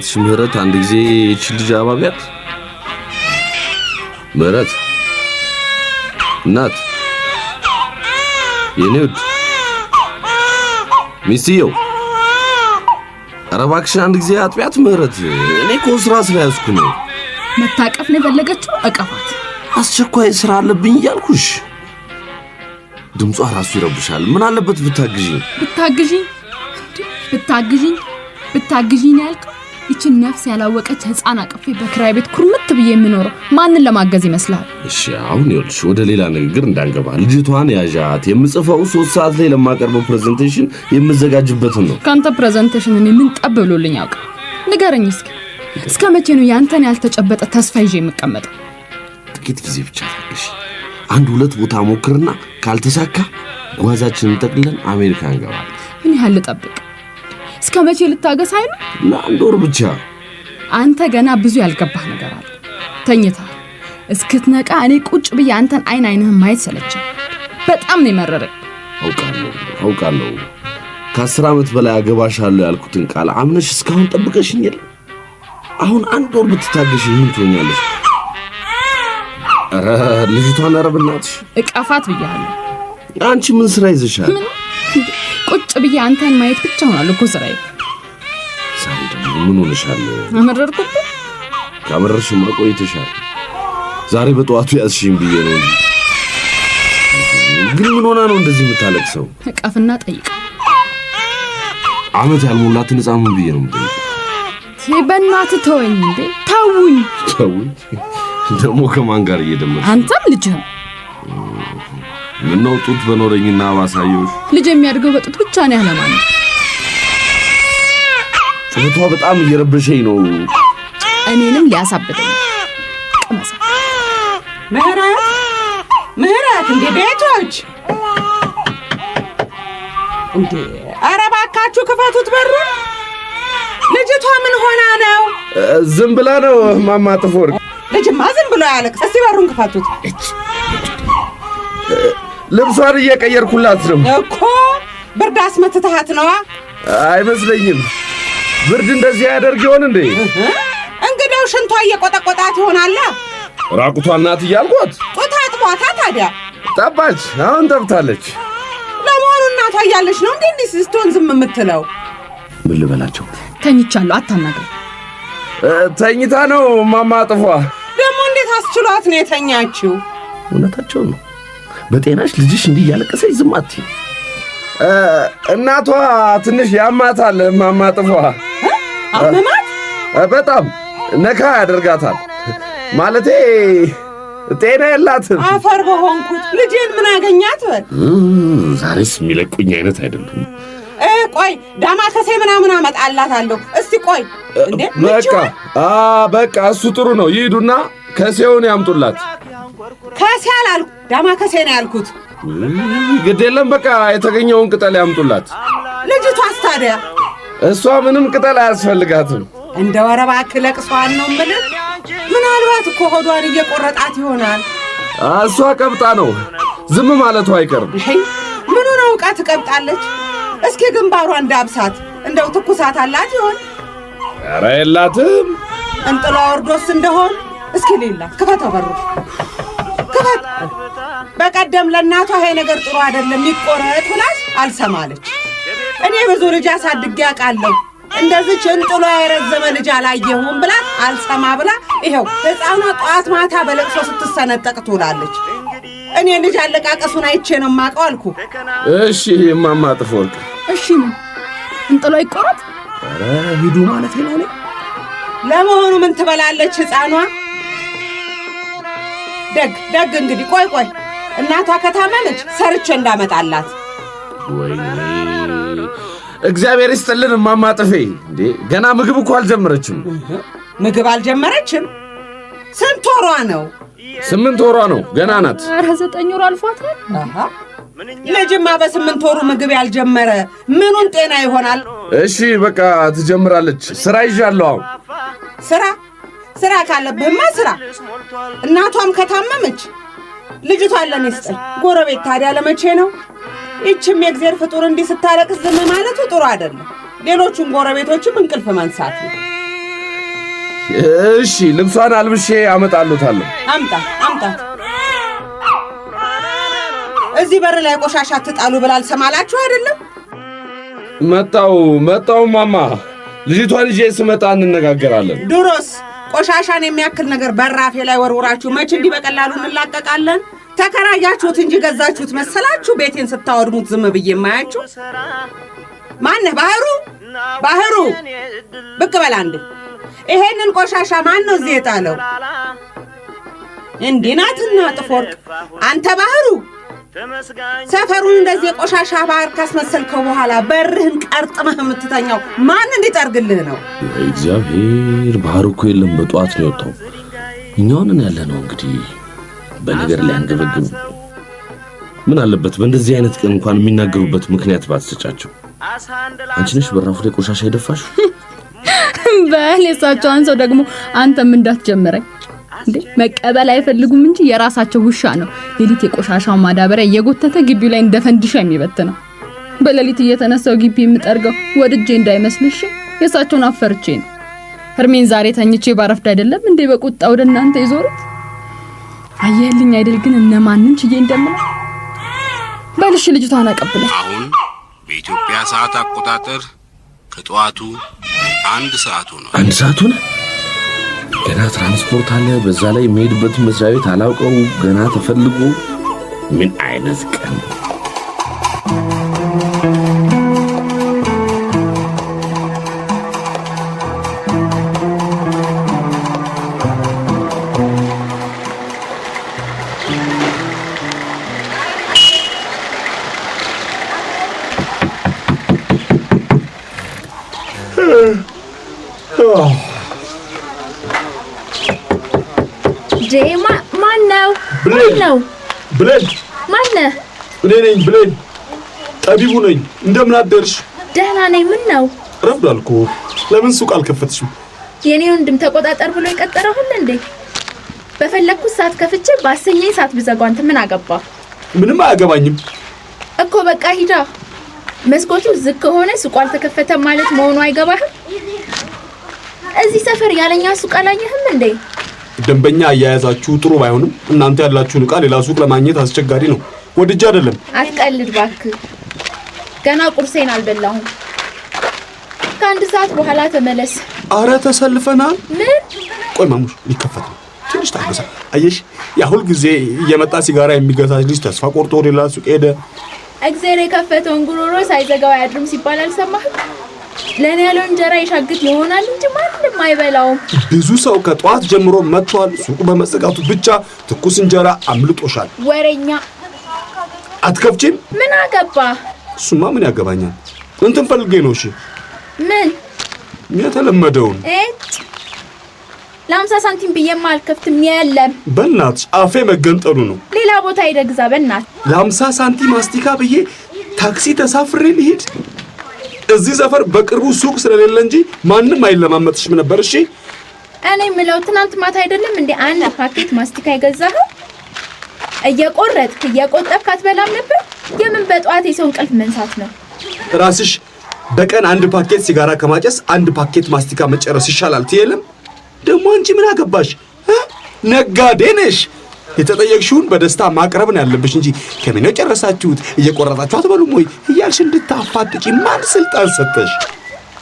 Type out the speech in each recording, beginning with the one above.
በእናትሽ ምህረት አንድ ጊዜ ይህች ልጅ አባቢያት ምህረት እናት የኔ ውድ ሚስትየው ኧረ እባክሽ አንድ ጊዜ አጥቢያት ምህረት እኔ እኮ ስራ ስለያዝኩ ነው መታቀፍ ነው የፈለገችው እቀፋት አስቸኳይ ስራ አለብኝ እያልኩሽ ድምጿ ራሱ ይረብሻል ምን አለበት ብታግዢ ብታግዢ ብታግዢኝ ብታግዢኝ ነው ያልከው ይችን ነፍስ ያላወቀች ህፃን አቅፌ በክራይ ቤት ኩርምት ብዬ የምኖረው ማንን ለማገዝ ይመስላል? እሺ አሁን ይኸውልሽ፣ ወደ ሌላ ንግግር እንዳንገባ ልጅቷን ያዣት። የምጽፈው ሶስት ሰዓት ላይ ለማቀርበው ፕሬዘንቴሽን የምዘጋጅበትን ነው። ከአንተ ፕሬዘንቴሽን እኔ ምን ጠብ ብሎልኝ ያውቅ? ንገረኝ እስኪ፣ እስከ መቼ ነው ያንተን ያልተጨበጠ ተስፋ ይዤ የምቀመጠው? ጥቂት ጊዜ ብቻ ታገሽ። አንድ ሁለት ቦታ ሞክርና ካልተሳካ ጓዛችንን ጠቅልለን አሜሪካ እንገባለን። ምን ያህል ልጠብቅ? እስከ መቼ ልታገስ? አይነ ለአንድ ወር ብቻ። አንተ ገና ብዙ ያልገባህ ነገር አለ። ተኝታ እስክትነቃ እኔ ቁጭ ብዬ አንተን አይን አይንህን ማየት ሰለቸኝ። በጣም ነው የመረረኝ። አውቃለሁ አውቃለሁ። ከአስር ዓመት በላይ አገባሻለሁ ያልኩትን ቃል አምነሽ እስካሁን ጠብቀሽኝ የለ። አሁን አንድ ወር ብትታገሽ ምን ትሆኛለሽ? ልጅቷን፣ ኧረ እቀፋት ብያለሁ። አንቺ ምን ስራ ይዘሻል? ቁጭ ብዬ አንተን ማየት ብቻ ሆኗል እኮ ስራዬ። ዛሬ ደግሞ ምን ሆነሻል? አመረርኩብህ። ካመረርሽማ ቆይተሻል። ዛሬ በጠዋቱ ያዝሽኝ ብዬ ነው እንጂ ግን ምን ሆና ነው እንደዚህ የምታለቅሰው? እቀፍና ጠይቅ። አመት ያልሞላትን ሕፃን ምን ብዬ ነው የምጠይቅ? በእናት ተወኝ እንዴ! ተውኝ ተውኝ። ደግሞ ከማን ጋር እየደመ አንተም ልጅህም ምነው ጡት በኖረኝና ባሳየሁሽ። ልጅ የሚያድገው በጡት ብቻ ነው ያለማ ነው። ጡቷ በጣም እየረበሸኝ ነው። እኔንም ሊያሳብደኝ ቅመሳ። ምህረት ምህረት! እንዴ ቤቶች! እንዴ ኧረ እባካችሁ ክፈቱት በሩ። ልጅቷ ምን ሆና ነው? ዝም ብላ ነው ማማ ጥፎር ልጅማ ዝም ብሎ ያለቅስ። እስቲ በሩን ክፈቱት። ልብሷን እየቀየርኩላት ነው እኮ። ብርድ አስመትትሃት ነዋ። አይመስለኝም። ብርድ እንደዚህ ያደርግ ይሆን እንዴ? እንግዲያው ሽንቷ እየቆጠቆጣት ይሆናላ። ራቁቷን ናት እያልኳት ጡት አጥቧታ። ታዲያ ጠባች፣ አሁን ጠብታለች። ለመሆኑ እናቷ እያለች ነው እንዴ እንዲህ ስትሆን ዝም የምትለው? ምን ልበላቸው? ተኝቻለሁ፣ አታናግር። ተኝታ ነው ማማጥፏ። ደግሞ እንዴት አስችሏት ነው የተኛችው? እውነታቸው ነው። በጤናሽ ልጅሽ እንዲህ እያለቀሰች ዝም አትይ። እናቷ ትንሽ ያማታል። እማማ ጥፏ አመማት በጣም ነካ ያደርጋታል። ማለቴ ጤና የላትም። አፈር በሆንኩት ልጄን ምን አገኛት በል። ዛሬስ የሚለቁኝ አይነት አይደሉም። ቆይ ዳማ ከሴ ምናምን አመጣላታለሁ። እስቲ ቆይ በቃ በቃ፣ እሱ ጥሩ ነው። ይሂዱና ከሴውን ያምጡላት። ከሴ አላልኩ ዳማ ከሴ ነው ያልኩት። ግድ የለም በቃ የተገኘውን ቅጠል ያምጡላት። ልጅቷስ ታዲያ እሷ ምንም ቅጠል አያስፈልጋትም። እንደ ወረባ ክለቅሷን ነው የምልህ። ምናልባት እኮ ሆዷን እየቆረጣት ይሆናል። እሷ ቀብጣ ነው ዝም ማለቱ አይቀርም። ነው አውቃ ትቀብጣለች? እስኪ ግንባሯን ዳብሳት። እንደው ትኩሳት አላት ይሆን? ኧረ የላትም። እንጥሏ ወርዶስ እንደሆን እስኪ ሌላ ክፈተው በሩ በቀደም ለእናቷ ይሄ ነገር ጥሩ አይደለም ይቆረጥ ብላት አልሰማለች። እኔ ብዙ ልጅ አሳድጌ አውቃለሁ እንደዚች እንጥሎ የረዘመ ልጅ አላየሁም ብላ አልሰማ ብላ ይኸው ሕፃኗ ጠዋት ማታ በለቅሶ ስትሰነጠቅ ትውላለች። እኔ ልጅ አለቃቀሱን አይቼ ነው የማውቀው አልኩ። እሺ እማማ ጥፎወርቅ እሺ ነው እንጥሎ ይቆረጥ ሂዱ ማለት ነው። ለመሆኑ ምን ትበላለች ሕፃኗ? ደግ ደግ እንግዲህ ቆይ ቆይ እናቷ ከታመመች ሰርቼ እንዳመጣላት። እግዚአብሔር ይስጥልን እማማ ጥፌ። እንዴ ገና ምግብ እኮ አልጀመረችም። ምግብ አልጀመረችም? ስንት ወሯ ነው? ስምንት ወሯ ነው። ገና ናት። ኧረ ዘጠኝ ወሯ አልፏት ልጅማ በስምንት ወሩ ምግብ ያልጀመረ ምኑን ጤና ይሆናል? እሺ በቃ ትጀምራለች። ስራ ይዣለሁ። አሁን ስራ ስራ ካለብህማ ስራ። እናቷም ከታመመች ልጅቷን ለኔ ስጠኝ። ጎረቤት ታዲያ ለመቼ ነው? ይችም የእግዜር ፍጡር እንዲህ ስታለቅስ ዝም ማለቱ ጥሩ አይደለም። ሌሎቹን ጎረቤቶችም እንቅልፍ መንሳት ነው። እሺ ልብሷን አልብሼ አመጣሉታለሁ። አምጣ አምጣት። እዚህ በር ላይ ቆሻሻ ትጣሉ ብላል ሰማላችሁ አይደለም? መጣው መጣው። ማማ ልጅቷን ይዤ ስመጣ እንነጋገራለን። ድሮስ ቆሻሻን የሚያክል ነገር በራፌ ላይ ወርውራችሁ መች እንዲህ በቀላሉ እንላቀቃለን? ተከራያችሁት እንጂ ገዛችሁት መሰላችሁ? ቤቴን ስታወድሙት ዝም ብዬ የማያችሁ ማነህ? ባህሩ ባህሩ፣ ብቅ በል አንዴ። ይሄንን ቆሻሻ ማን ነው እዚህ የጣለው? እንዲህ ናትና አንተ ባህሩ ሰፈሩን እንደዚህ የቆሻሻ ባህር ካስመሰልከው በኋላ በርህን ቀርጥመህ የምትተኛው ማን እንዲጠርግልህ ነው? እግዚአብሔር ባህር እኮ የለም፣ በጠዋት ነው የወጣው። እኛውንን ያለ ነው እንግዲህ በነገር ላይ አንገበግቡ። ምን አለበት በእንደዚህ አይነት ቀን እንኳን የሚናገሩበት ምክንያት ባትሰጫቸው። አንቺ ነሽ በራፉ ላይ ቆሻሻ የደፋሽ። በል የሳቸው አንሰው ደግሞ አንተም እንዳትጀምረኝ እንዴ መቀበል አይፈልጉም እንጂ የራሳቸው ውሻ ነው። ሌሊት የቆሻሻውን ማዳበሪያ እየጎተተ ግቢው ላይ እንደፈንድሻ የሚበት ነው። በሌሊት እየተነሳው ግቢ የምጠርገው ወድጄ እንዳይመስልሽ የእሳቸውን አፈርቼ ነው። ህርሜን ዛሬ ተኝቼ ባረፍድ አይደለም እንዴ በቁጣ ወደ እናንተ ይዞሩት። አየህልኝ አይደል ግን እነማንን ችዬ እንደምለ በልሽ ልጅቷን አቀብለ አሁን በኢትዮጵያ ሰዓት አቆጣጠር ከጠዋቱ አንድ ሰዓት ሆኗል። አንድ ሰዓት ሆነ። ገና ትራንስፖርት አለ፣ በዛ ላይ የሚሄድበት መስሪያ ቤት አላውቀው፣ ገና ተፈልጎ ምን አይነት ቀን Oh. እንዴ ማን ነው? ማን ነው? ብሌን ማን ነህ? እኔ ነኝ ብሌን፣ ጠቢቡ ነኝ። እንደምን አደርሽ? ደህና ነኝ። ምን ነው ረፍዷል እኮ። ለምን ሱቅ አልከፈትሽም? የእኔ ወንድም ተቆጣጠር ብሎ የቀጠረሁል እንዴ? በፈለግኩት ሰዓት ከፍቼ ባሰኘኝ ሰዓት ብዘጋው አንተ ምን አገባ? ምንም አያገባኝም እኮ በቃ ሂዳ። መስኮቱ ዝግ ከሆነ ሱቁ አልተከፈተም ማለት መሆኑ አይገባህም? እዚህ ሰፈር ያለኛ ሱቅ አላየህም እንዴ? ደንበኛ አያያዛችሁ ጥሩ ባይሆንም እናንተ ያላችሁን ዕቃ ሌላ ሱቅ ለማግኘት አስቸጋሪ ነው። ወድጄ አይደለም። አትቀልድ ባክ ገና ቁርሴን አልበላሁም። ከአንድ ሰዓት በኋላ ተመለስ። አረ ተሰልፈናል። ምን? ቆይ ማሙሽ ሊከፈት ነው። ትንሽ ታገሳ። አየሽ፣ ያ ሁል ጊዜ እየመጣ ሲጋራ የሚገዛት ልጅ ተስፋ ቆርጦ ሌላ ሱቅ ሄደ። እግዜር የከፈተውን ጉሮሮ ሳይዘጋው አያድርም ሲባል አልሰማህም? ለእኔ ያለው እንጀራ ይሻግት ይሆናል እንጂ ማንም አይበላውም። ብዙ ሰው ከጠዋት ጀምሮ መጥቷል። ሱቁ በመዘጋቱ ብቻ ትኩስ እንጀራ አምልጦሻል። ወሬኛ አትከፍቺም? ምን አገባ? እሱማ ምን ያገባኛል? እንትን ፈልጌ ነው። እሺ ምን? የተለመደውን ለአምሳ ሳንቲም ብዬማ አልከፍትም። የለም በናት አፌ መገንጠሉ ነው። ሌላ ቦታ ሄደህ ግዛ። ለአምሳ ሳንቲም ማስቲካ ብዬ ታክሲ ተሳፍሬ ልሂድ እዚህ ሰፈር በቅርቡ ሱቅ ስለሌለ እንጂ ማንም አይለማመጥሽም ነበር። እሺ እኔ ምለው ትናንት ማታ አይደለም እንዴ አንድ ፓኬት ማስቲካ የገዛኸው? እየቆረጥክ እየቆጠብክ አትበላም ነበር? የምን በጠዋት የሰው እንቅልፍ መንሳት ነው? ራስሽ በቀን አንድ ፓኬት ሲጋራ ከማጨስ አንድ ፓኬት ማስቲካ መጨረስ ይሻላል። ትየለም ደግሞ አንቺ ምን አገባሽ? ነጋዴ ነሽ። የተጠየቅሽውን በደስታ ማቅረብ ነው ያለብሽ እንጂ ከምን ነው ጨረሳችሁት እየቆረጣችሁ አትበሉም ወይ እያልሽ እንድታፋጥጪ ማን ስልጣን ሰጠሽ?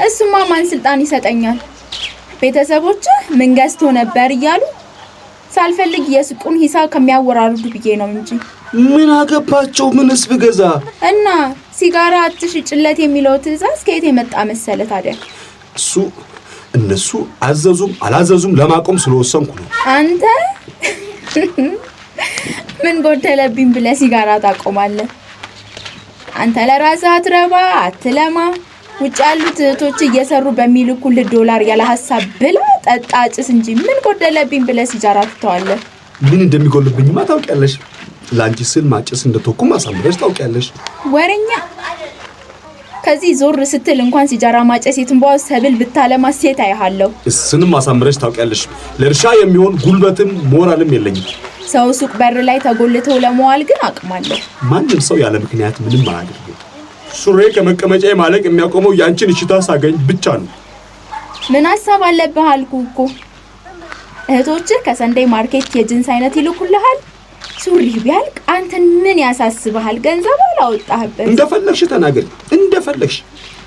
እሱማ ማን ስልጣን ይሰጠኛል? ቤተሰቦች ምን ገዝቶ ነበር እያሉ ሳልፈልግ የሱቁን ሂሳብ ከሚያወራርዱ ብዬ ነው እንጂ ምን አገባቸው? ምንስ ብገዛ እና ሲጋራ አትሽጭለት የሚለው ትዕዛዝ ከየት የመጣ መሰለ ታዲያ? እሱ እነሱ አዘዙም አላዘዙም ለማቆም ስለወሰንኩ ነው። አንተ ምን ጎደለብኝ ብለ ሲጋራ ታቆማለህ? አንተ ለራስህ አትረባ አትለማ። ውጭ ያሉት እህቶች እየሰሩ በሚልኩልህ ዶላር ያለ ሀሳብ ብላ ጠጣ፣ ጭስ እንጂ ምን ጎደለብኝ ብለ ሲጋራ ትተዋለህ? ምን እንደሚጎልብኝማ ታውቂያለሽ። ለአንቺ ስል ማጭስ እንደተኩም አሳምረሽ ታውቂያለሽ። ወረኛ ከዚህ ዞር ስትል እንኳን ሲጃራ ማጨስ የትንባዋ ሰብል ብታለማ ሴት አያሃለሁ። እስንም አሳምረች ታውቂያለሽ። ለእርሻ የሚሆን ጉልበትም ሞራልም የለኝም። ሰው ሱቅ በር ላይ ተጎልተው ለመዋል ግን አቅማለሁ። ማንም ሰው ያለ ምክንያት ምንም አያደርግም። ሱሬ ከመቀመጫ ማለቅ የሚያቆመው ያንቺን እሽታ ሳገኝ ብቻ ነው። ምን ሀሳብ አለብህ አልኩ እኮ። እህቶችህ ከሰንደይ ማርኬት የጅንስ አይነት ይልኩልሃል። ሱሪ ቢያልቅ አንተ ምን ያሳስብሃል? ገንዘብ አላወጣህበት። እንደፈለግሽ ተናገሪ፣ እንደፈለግሽ።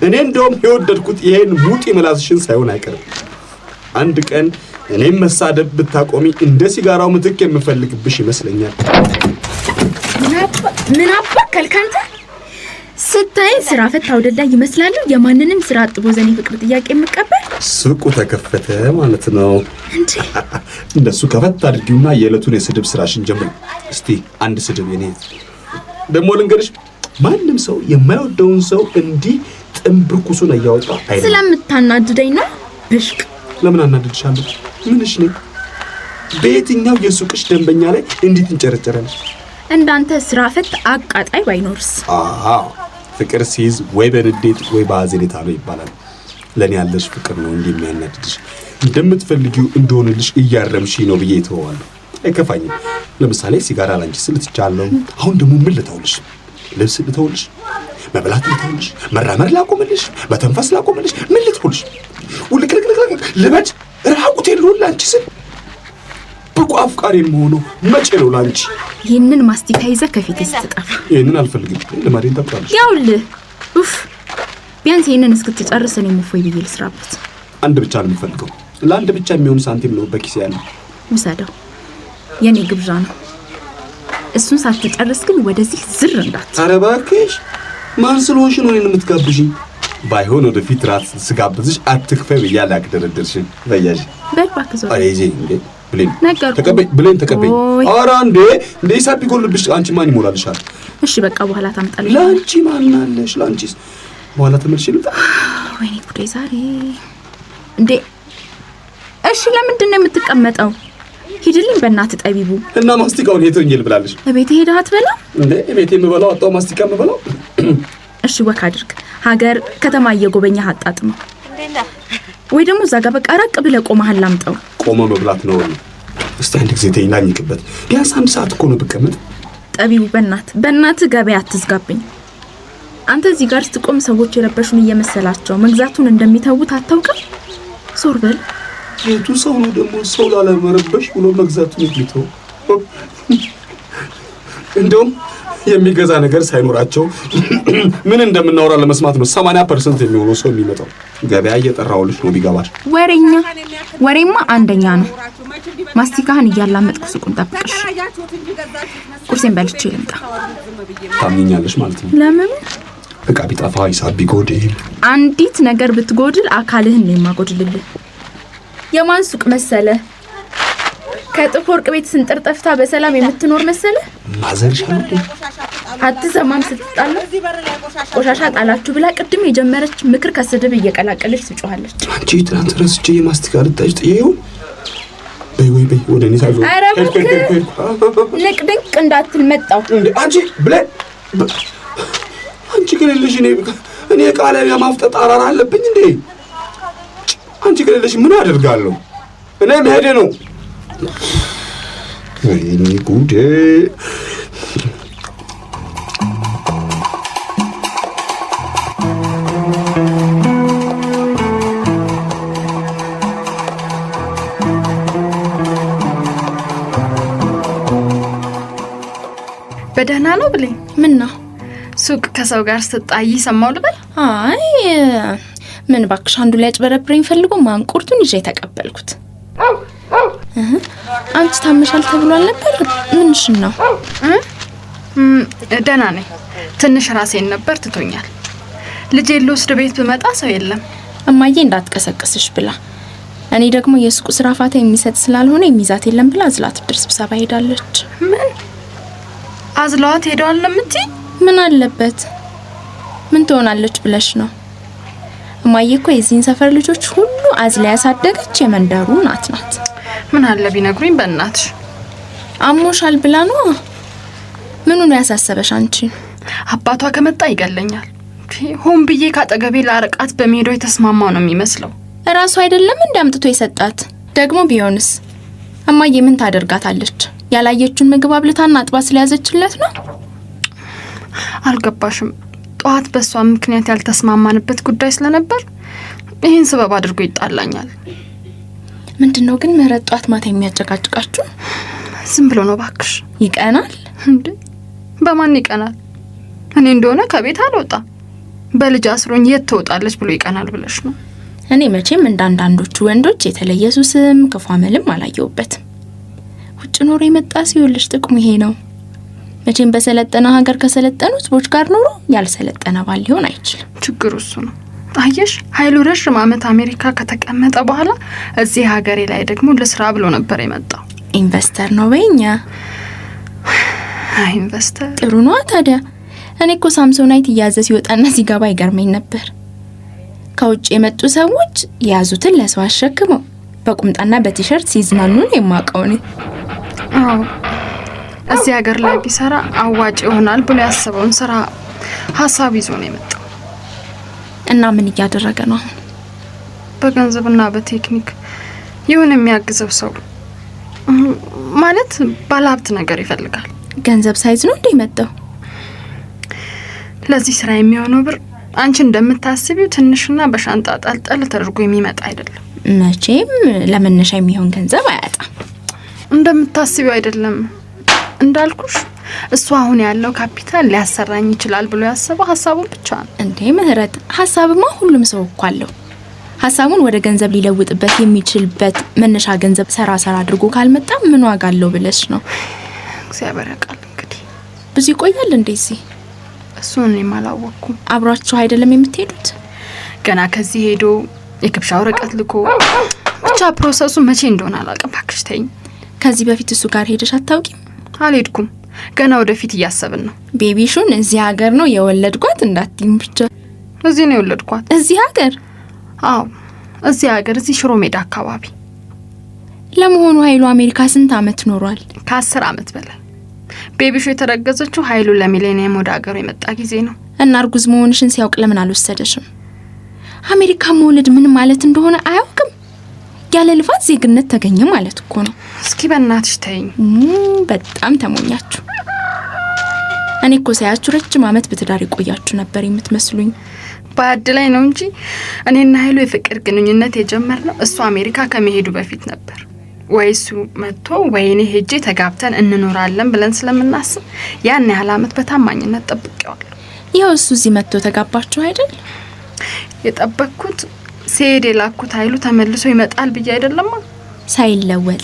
እኔ እንደውም የወደድኩት ይሄን ሙጢ ምላስሽን ሳይሆን አይቀርም። አንድ ቀን እኔም መሳደብ ብታቆሚ እንደ ሲጋራው ምትክ የምፈልግብሽ ይመስለኛል። ምን አባ ስታይ ስራ ፈታ አውደላ ይመስላሉ። የማንንም ስራ አጥቦ ዘኔ ፍቅር ጥያቄ የምቀበል ሱቁ ተከፈተ ማለት ነው። እንዴ እንደሱ ከፈት አድርጊውና የዕለቱን የስድብ ስራሽን ጀምር። እስቲ አንድ ስድብ የኔ ደግሞ ልንገርሽ፣ ማንም ሰው የማይወደውን ሰው እንዲህ ጥንብርኩሱን እያወጣ አይደለም። ስለምታናድደኝ ነው ብሽቅ። ለምን አናድድሻለሁ? ምንሽ ነው? በየትኛው የሱቅሽ ደንበኛ ላይ እንዴት እንጨረጨራለሽ? እንዳንተ ስራ ፈት አቃጣይ ባይኖርስ? አዎ ፍቅር ሲይዝ ወይ በንዴት ወይ በአዘኔታ ነው ይባላል። ለእኔ ያለሽ ፍቅር ነው እንዲህ የሚያናድድሽ እንደምትፈልጊው እንደሆንልሽ እያረምሽ ነው ብዬ ተወዋለሁ። አይከፋኝም። ለምሳሌ ሲጋራ ላንቺ ስልትቻለሁ። አሁን ደግሞ ምን ልተውልሽ? ልብስ ልተውልሽ? መብላት ልተውልሽ? መራመር ላቆምልሽ? መተንፈስ ላቆምልሽ? ምን ልተውልሽ? ውልቅልቅልቅልቅ ልበድ ራቁቴን ልሁን ላንቺ ስል ብቁ አፍቃሪ የምሆነው መቼ ነው ላንቺ? ይህንን ማስቲካ ይዘህ ከፊቴ ስትጠፋ። ይህንን አልፈልግም። ልማዴን ታውቃለሽ። ያውልህ ኡፍ። ቢያንስ ይህንን እስክትጨርስ እኔም እፎይ ብዬ ልስራበት። አንድ ብቻ ነው የምፈልገው። ለአንድ ብቻ የሚሆን ሳንቲም ነው በኪሴ ያለው። ውሰደው፣ የእኔ ግብዣ ነው። እሱን ሳትጨርስ ግን ወደዚህ ዝር እንዳት። ኧረ እባክሽ ማን ስለሆንሽ ነው እኔን የምትጋብዥኝ? ባይሆን ወደፊት ራት ስጋብዝሽ አትክፈይ ብዬ አላግደረደርሽም። በያዥ በል እባክህ እንዴ ብሌን ተቀበይ፣ ተቀበኝ። ኧረ እንዴ እንደ ሂሳብ ቢጎልብሽ አንቺ ማን ይሞላልሻል? እሺ በቃ በኋላ ታምጣልሽ። ለአንቺ ማን አለሽ? ለአንቺስ በኋላ ተመልሼ ልምጣ። ወይኔ ጉዴ ዛሬ እንዴ! እሺ ለምንድን ነው የምትቀመጠው? ሂድልኝ በእናትህ ጠቢቡ። እና ማስቲካውን የት ሆኜ ልብላለሽ? እቤት ሄደህ አትበላም እንዴ? እቤት የምበላው አጣው ማስቲካ የምበላው። እሺ ወክ አድርግ። ሀገር ከተማ እየጎበኘህ አጣጥመው፣ ወይ ደግሞ እዛ ጋር በቃ ራቅ ብለህ ቆመሃል ላምጠው። ቆሞ መብላት ነው። እስቲ አንድ ጊዜ ተይኝ ላኝክበት። ቢያንስ አንድ ሰዓት እኮ ነው ብቀመጥ። ጠቢው፣ በእናት በእናት ገበያ አትዝጋብኝ። አንተ እዚህ ጋር ስትቆም ሰዎች የረበሹን እየመሰላቸው መግዛቱን እንደሚተዉት አታውቅም? ዞር በል። ቤቱ ሰው ነው ደግሞ ሰው ላለመረበሽ ብሎ መግዛቱን የሚተው እንደውም የሚገዛ ነገር ሳይኖራቸው ምን እንደምናወራ ለመስማት ነው 80 ፐርሰንት የሚሆነው ሰው የሚመጣው። ገበያ እየጠራሁልሽ ነው ቢገባሽ። ወሬኛ ወሬማ አንደኛ ነው። ማስቲካህን እያላመጥኩ ሱቁን ጠብቅሽ። ቁርሴን በልቼ ልምጣ። ታምኛለሽ ማለት ነው? ለምን እቃ ቢጠፋ ሂሳብ ቢጎድል አንዲት ነገር ብትጎድል አካልህን ነው የማጎድልልህ። የማን ሱቅ መሰለህ? ከጥፎ ወርቅ ቤት ስንጥር ጠፍታ በሰላም የምትኖር መሰለ። ማዘርሽ አትሰማም። ስትጣለ ቆሻሻ ጣላችሁ ብላ ቅድም የጀመረች ምክር ከስድብ እየቀላቀለች ትጮኋለች። አንቺ ትናንት ረስቼ የማስቲካ ልጣጭ ጥዬው በይ ወይ በይ ወደ እኔ ታዞ ኧረ ንቅ ድንቅ እንዳትል መጣው አንቺ ብለ አንቺ ከሌለሽ እኔ እኔ ቃለ ማፍጠጥ አራራ አለብኝ እንዴ? አንቺ ከሌለሽ ምን አደርጋለሁ? እኔ መሄዴ ነው። ወይኔ ጉዴ! በደህና ነው ብለኝ። ምን ነው ሱቅ ከሰው ጋር ስትጣይ ሰማው ልበል? አይ ምን ባክሽ፣ አንዱ ሊያጭበረብረኝ ፈልጎ ማንቁርቱን ይዤ ተቀበልኩት? አንቺ ታመሻል ተብሎ አልነበር? ምንሽን ነው? ደህና ነኝ። ትንሽ ራሴን ነበር ትቶኛል። ልጄ ልወስድ ቤት ብመጣ ሰው የለም። እማዬ እንዳትቀሰቅስሽ ብላ እኔ ደግሞ የሱቁ ስራ ፋታ የሚሰጥ ስላልሆነ የሚዛት የለም ብላ አዝላት ድር ስብሰባ ሄዳለች። ምን አዝለዋት ሄደዋል ነው ምን አለበት ምን ትሆናለች ብለሽ ነው? እማዬ እኮ የዚህን ሰፈር ልጆች ሁሉ አዝላ ያሳደገች የመንደሩ ናት ናት ምን አለ ቢነግሩኝ። በእናትሽ አሞሻል ብላ ነው። ምኑ ነው ያሳሰበሽ አንቺ? አባቷ ከመጣ ይገለኛል። ሆን ብዬ ካጠገቤ ለአረቃት በመሄደው የተስማማ ነው የሚመስለው። እራሱ አይደለም እንደ አምጥቶ የሰጣት። ደግሞ ቢሆንስ እማዬ ምን ታደርጋታለች? ያላየችውን ምግብ አብልታና አጥባ ስለያዘችለት ነው። አልገባሽም? ጠዋት በእሷ ምክንያት ያልተስማማንበት ጉዳይ ስለነበር ይህን ስበብ አድርጎ ይጣላኛል። ምንድን ነው ግን ምህረት ጧት ማታ የሚያጨቃጭቃችሁ? ዝም ብሎ ነው ባክሽ። ይቀናል እንዴ? በማን ይቀናል? እኔ እንደሆነ ከቤት አልወጣ በልጅ አስሮኝ የት ትወጣለች ብሎ ይቀናል ብለሽ ነው? እኔ መቼም እንደ አንዳንዶቹ ወንዶች የተለየ ሱስም ክፉ አመልም አላየሁበትም። ውጭ ኖሮ የመጣ ሲውልሽ ጥቅሙ ይሄ ነው። መቼም በሰለጠነ ሀገር ከሰለጠኑ ህዝቦች ጋር ኖሮ ያልሰለጠነ ባል ሊሆን አይችልም። ችግሩ እሱ ነው። አየሽ ኃይሉ ረዥም ዓመት አሜሪካ ከተቀመጠ በኋላ እዚህ ሀገሬ ላይ ደግሞ ለስራ ብሎ ነበር የመጣው። ኢንቨስተር ነው በኛ። ኢንቨስተር ጥሩ ነው ታዲያ እኔ እኮ ሳምሶናይት እያዘ ሲወጣና ሲገባ ይገርመኝ ነበር። ከውጭ የመጡ ሰዎች የያዙትን ለሰው አሸክመው በቁምጣና በቲሸርት ሲዝናኑ ነው የማውቀው እኔ። አዎ እዚህ ሀገር ላይ ቢሰራ አዋጭ ይሆናል ብሎ ያሰበውን ስራ ሀሳብ ይዞ ነው የመጣው። እና ምን እያደረገ ነው አሁን? በገንዘብና በቴክኒክ ይሁን የሚያግዘው ሰው ማለት ባለሀብት ነገር ይፈልጋል። ገንዘብ ሳይዝ ነው እንዴ መጣው? ለዚህ ስራ የሚሆነው ብር አንቺ እንደምታስቢው ትንሽና በሻንጣ ጣልጣል ተደርጎ የሚመጣ አይደለም። መቼም ለመነሻ የሚሆን ገንዘብ አያጣም። እንደምታስቢው አይደለም እንዳልኩሽ እሱ አሁን ያለው ካፒታል ሊያሰራኝ ይችላል ብሎ ያሰበው ሀሳቡን ብቻ ነው። እንዴ ምህረት፣ ሀሳብማ ሁሉም ሰው እኮ አለው። ሀሳቡን ወደ ገንዘብ ሊለውጥበት የሚችልበት መነሻ ገንዘብ ሰራ ሰራ አድርጎ ካልመጣ ምን ዋጋ አለው ብለሽ ነው። እግዚአብሔር ያውቃል። እንግዲህ ብዙ ይቆያል እንደዚህ። እሱን እኔም አላወቅኩም። አብሯችሁ አይደለም የምትሄዱት? ገና ከዚህ ሄዶ የግብዣ ወረቀት ልኮ ብቻ ፕሮሰሱ መቼ እንደሆነ አላውቅም። እባክሽ ተይኝ። ከዚህ በፊት እሱ ጋር ሄደሽ አታውቂም? አልሄድኩም። ገና ወደፊት እያሰብን ነው። ቤቢሹን እዚህ ሀገር ነው የወለድኳት እንዳትይም ብቻ። እዚህ ነው የወለድኳት? እዚህ ሀገር? አዎ እዚህ ሀገር፣ እዚህ ሽሮ ሜዳ አካባቢ። ለመሆኑ ኃይሉ አሜሪካ ስንት አመት ኖሯል? ከአስር አመት በላይ። ቤቢሹ የተረገዘችው ኃይሉ ለሚሌኒየም ወደ ሀገሩ የመጣ ጊዜ ነው። እና እርጉዝ መሆንሽን ሲያውቅ ለምን አልወሰደሽም? አሜሪካ መውለድ ምን ማለት እንደሆነ አያውቅም። ያለ ልፋት ዜግነት ተገኘ ማለት እኮ ነው። እስኪ በእናትሽ ተይኝ። በጣም ተሞኛችሁ። እኔ እኮ ሳያችሁ ረጅም ዓመት በትዳር የቆያችሁ ነበር የምትመስሉኝ። በአድ ላይ ነው እንጂ እኔና ሀይሉ የፍቅር ግንኙነት የጀመርነው እሱ አሜሪካ ከመሄዱ በፊት ነበር። ወይ እሱ መጥቶ ወይ እኔ ሄጄ ተጋብተን እንኖራለን ብለን ስለምናስብ ያን ያህል ዓመት በታማኝነት ጠብቄዋለሁ። ይኸው እሱ እዚህ መጥቶ ተጋባችሁ አይደል? የጠበቅኩት ሲሄድ የላኩት ኃይሉ ተመልሶ ይመጣል ብዬ አይደለማ ሳይለወጥ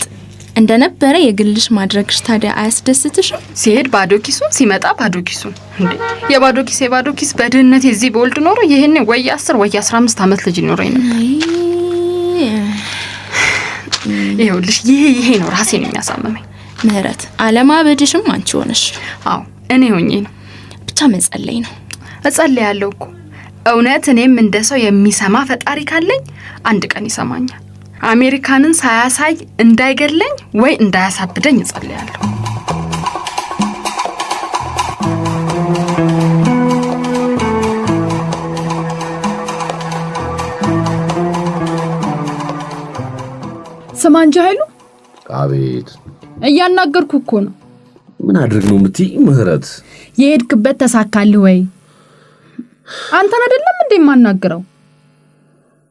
እንደነበረ የግልሽ ማድረግሽ ታዲያ አያስደስትሽም? ሲሄድ ባዶ ኪሱን ሲመጣ ባዶ ኪሱን። እንዴ የባዶ ኪስ የባዶ ኪስ። በድህነት የዚህ በወልድ ኖሮ ይህኔ ወይ አስር ወይ አስራ አምስት ዓመት ልጅ ይኖረኝ ነበር። ይኸውልሽ ይሄ ይሄ ነው ራሴን የሚያሳምመኝ። ምህረት አለማበድሽም አንቺ ሆነሽ። አዎ እኔ ሆኜ ነው። ብቻ መጸለይ ነው። እጸለያለሁ እኮ እውነት። እኔም እንደሰው የሚሰማ ፈጣሪ ካለኝ አንድ ቀን ይሰማኛል። አሜሪካንን ሳያሳይ እንዳይገለኝ ወይ እንዳያሳብደኝ እጸልያለሁ። ስማ እንጂ ኃይሉ። አቤት። እያናገርኩ እኮ ነው። ምን አድርግ ነው የምትይ? ምህረት፣ የሄድክበት ተሳካልህ ወይ? አንተን አይደለም እንዴ የማናግረው?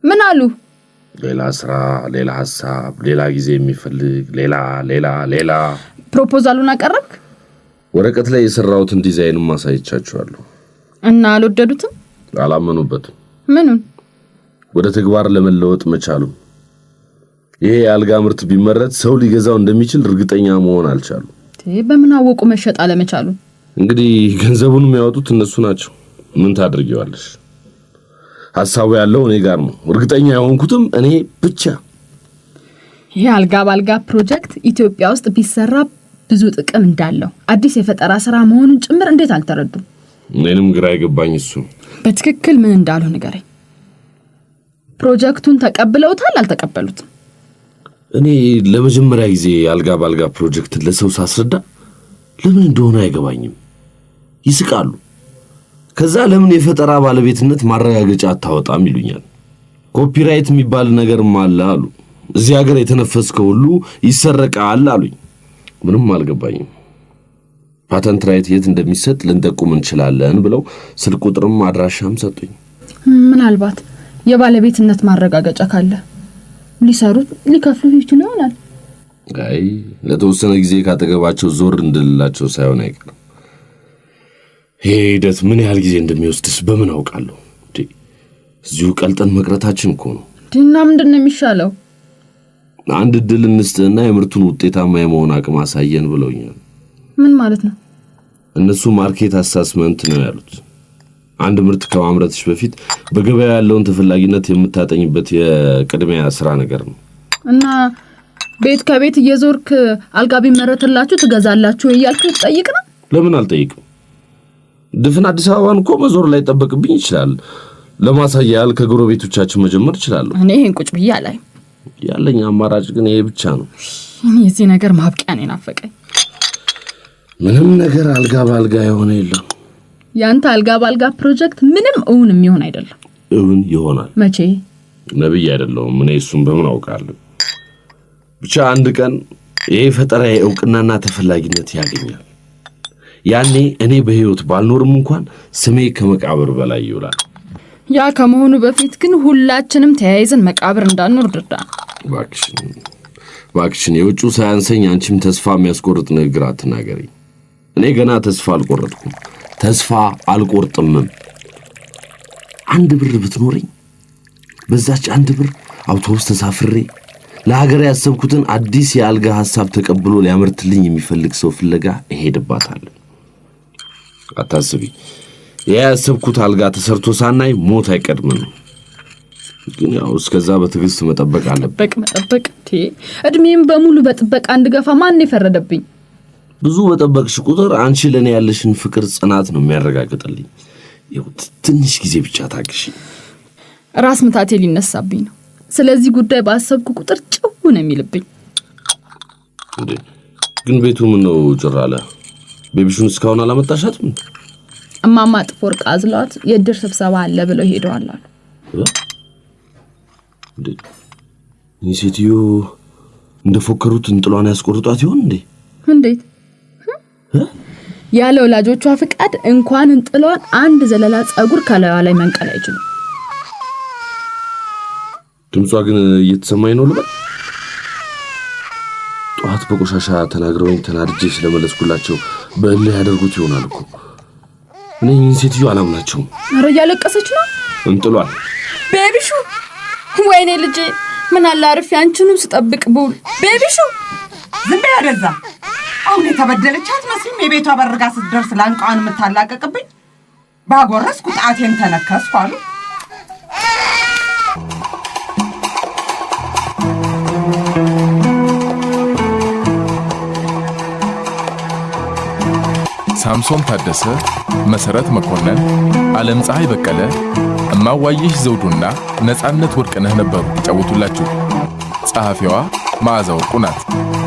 ምን አሉ? ሌላ ስራ፣ ሌላ ሀሳብ፣ ሌላ ጊዜ የሚፈልግ ሌላ ሌላ ሌላ። ፕሮፖዛሉን አቀረብክ? ወረቀት ላይ የሰራሁትን ዲዛይን ማሳየቻችኋለሁ እና አልወደዱትም፣ አላመኑበትም። ምኑን? ወደ ተግባር ለመለወጥ መቻሉም። ይሄ የአልጋ ምርት ቢመረት ሰው ሊገዛው እንደሚችል እርግጠኛ መሆን አልቻሉም። በምን አወቁ መሸጥ አለመቻሉ? እንግዲህ ገንዘቡን የሚያወጡት እነሱ ናቸው። ምን ታድርጊዋለሽ? ሀሳቡ ያለው እኔ ጋር ነው። እርግጠኛ የሆንኩትም እኔ ብቻ። ይሄ አልጋ በአልጋ ፕሮጀክት ኢትዮጵያ ውስጥ ቢሰራ ብዙ ጥቅም እንዳለው አዲስ የፈጠራ ስራ መሆኑን ጭምር እንዴት አልተረዱም? እኔንም ግራ የገባኝ እሱ። በትክክል ምን እንዳሉ ንገረኝ። ፕሮጀክቱን ተቀብለውታል? አልተቀበሉትም? እኔ ለመጀመሪያ ጊዜ አልጋ በአልጋ ፕሮጀክትን ለሰው ሳስረዳ ለምን እንደሆነ አይገባኝም። ይስቃሉ ከዛ ለምን የፈጠራ ባለቤትነት ማረጋገጫ አታወጣም ይሉኛል። ኮፒራይት የሚባል ነገርም አለ አሉ። እዚህ ሀገር የተነፈስከ ሁሉ ይሰረቃል አሉኝ። ምንም አልገባኝም። ፓተንት ራይት የት እንደሚሰጥ ልንጠቁም እንችላለን ብለው ስልክ ቁጥርም አድራሻም ሰጡኝ። ምናልባት የባለቤትነት ማረጋገጫ ካለ ሊሰሩት ሊከፍሉ ይችሉ ይሆናል። አይ ለተወሰነ ጊዜ ካጠገባቸው ዞር እንድልላቸው ሳይሆን አይቀርም። ይሄ ሂደት ምን ያህል ጊዜ እንደሚወስድስ በምን አውቃለሁ? እዚሁ ቀልጠን መቅረታችን እኮ ነው። እና ምንድን ነው የሚሻለው? አንድ እድል እንስጥህና የምርቱን ውጤታማ የመሆን አቅም አሳየን ብለውኛል። ምን ማለት ነው? እነሱ ማርኬት አሳስመንት ነው ያሉት። አንድ ምርት ከማምረትሽ በፊት በገበያ ያለውን ተፈላጊነት የምታጠኝበት የቅድሚያ ስራ ነገር ነው። እና ቤት ከቤት እየዞርክ አልጋ ቢመረትላችሁ ትገዛላችሁ እያልክ ጠይቅ ነው። ለምን አልጠይቅም? ድፍን አዲስ አበባን እኮ መዞር ላይ ጠበቅብኝ ይችላል። ለማሳያ ያህል ከጎረቤቶቻችን መጀመር እችላለሁ። እኔ ይህን ቁጭ ብዬ አላይም። ያለኝ አማራጭ ግን ይሄ ብቻ ነው። የዚህ ነገር ማብቂያ ነው ናፈቀኝ። ምንም ነገር አልጋ በአልጋ የሆነ የለም። ያንተ አልጋ በአልጋ ፕሮጀክት ምንም እውን የሚሆን አይደለም። እውን ይሆናል። መቼ? ነብይ አይደለሁም እኔ እሱም በምን አውቃለሁ። ብቻ አንድ ቀን ይሄ ፈጠራ እውቅናና ተፈላጊነት ያገኛል። ያኔ እኔ በህይወት ባልኖርም እንኳን ስሜ ከመቃብር በላይ ይውላል። ያ ከመሆኑ በፊት ግን ሁላችንም ተያይዘን መቃብር እንዳንኖር ድርዳ። እባክሽን እባክሽን፣ የውጭው ሳያንሰኝ አንቺም ተስፋ የሚያስቆርጥ ንግግር አትናገሪ። እኔ ገና ተስፋ አልቆረጥኩም፣ ተስፋ አልቆርጥምም። አንድ ብር ብትኖረኝ በዛች አንድ ብር አውቶቡስ ተሳፍሬ ለሀገር ያሰብኩትን አዲስ የአልጋ ሐሳብ ተቀብሎ ሊያመርትልኝ የሚፈልግ ሰው ፍለጋ እሄድባታለሁ። አታስቢ። ያሰብኩት አልጋ ተሰርቶ ሳናይ ሞት አይቀድምም። ግን ያው እስከዛ በትዕግስት መጠበቅ አለብን። መጠበቅ እድሜም በሙሉ በጥበቃ እንድገፋ ማን የፈረደብኝ? ብዙ በጠበቅሽ ቁጥር አንቺ ለእኔ ያለሽን ፍቅር ጽናት ነው የሚያረጋግጥልኝ። ትንሽ ጊዜ ብቻ ታግሽ። ራስ ምታቴ ሊነሳብኝ ነው። ስለዚህ ጉዳይ ባሰብኩ ቁጥር ጭው ነው የሚልብኝ። ግን ቤቱ ምን ነው ጭር አለ? ቤቢሹን እስካሁን አላመጣሻትም? እማማ ጥፎር ቃዝሏት የእድር ስብሰባ አለ ብለው ሄደዋል አሉ። ይህ ሴትዮ እንደፎከሩት እንጥሏን ያስቆርጧት ይሆን እንዴ? እንዴት ያለ ወላጆቿ ፍቃድ እንኳን እንጥሏን አንድ ዘለላ ጸጉር ከላዩ ላይ መንቀል አይችሉም። ድምጿ ግን እየተሰማኝ ነው ልበል። ጠዋት በቆሻሻ ተናግረውኝ ተናድጄ ስለመለስኩላቸው በእልህ ያደርጉት ይሆናል እኮ። እኔ ይህን ሴትዮ አላምናቸውም። ኧረ እያለቀሰች ነው። እንጥሏል ቤቢሹ። ወይኔ ልጄ፣ ምን አለ አርፌ አንቺንም ስጠብቅ ብውል። ቤቢሹ ዝም በይ አሁን የተበደለች አትመስልም። የቤቷ በርጋ ስትደርስ ላንቃዋን የምታላቀቅብኝ ባጎረስኩ ጣቴን ተነከስኩ አሉ። ሳምሶን ታደሰ፣ መሰረት መኮንን፣ ዓለም ፀሐይ በቀለ፣ እማዋይሽ ዘውዱና ነፃነት ወርቅነህ ነበሩ ይጫወቱላችሁ። ጸሐፊዋ መዓዛ ወርቁ ናት።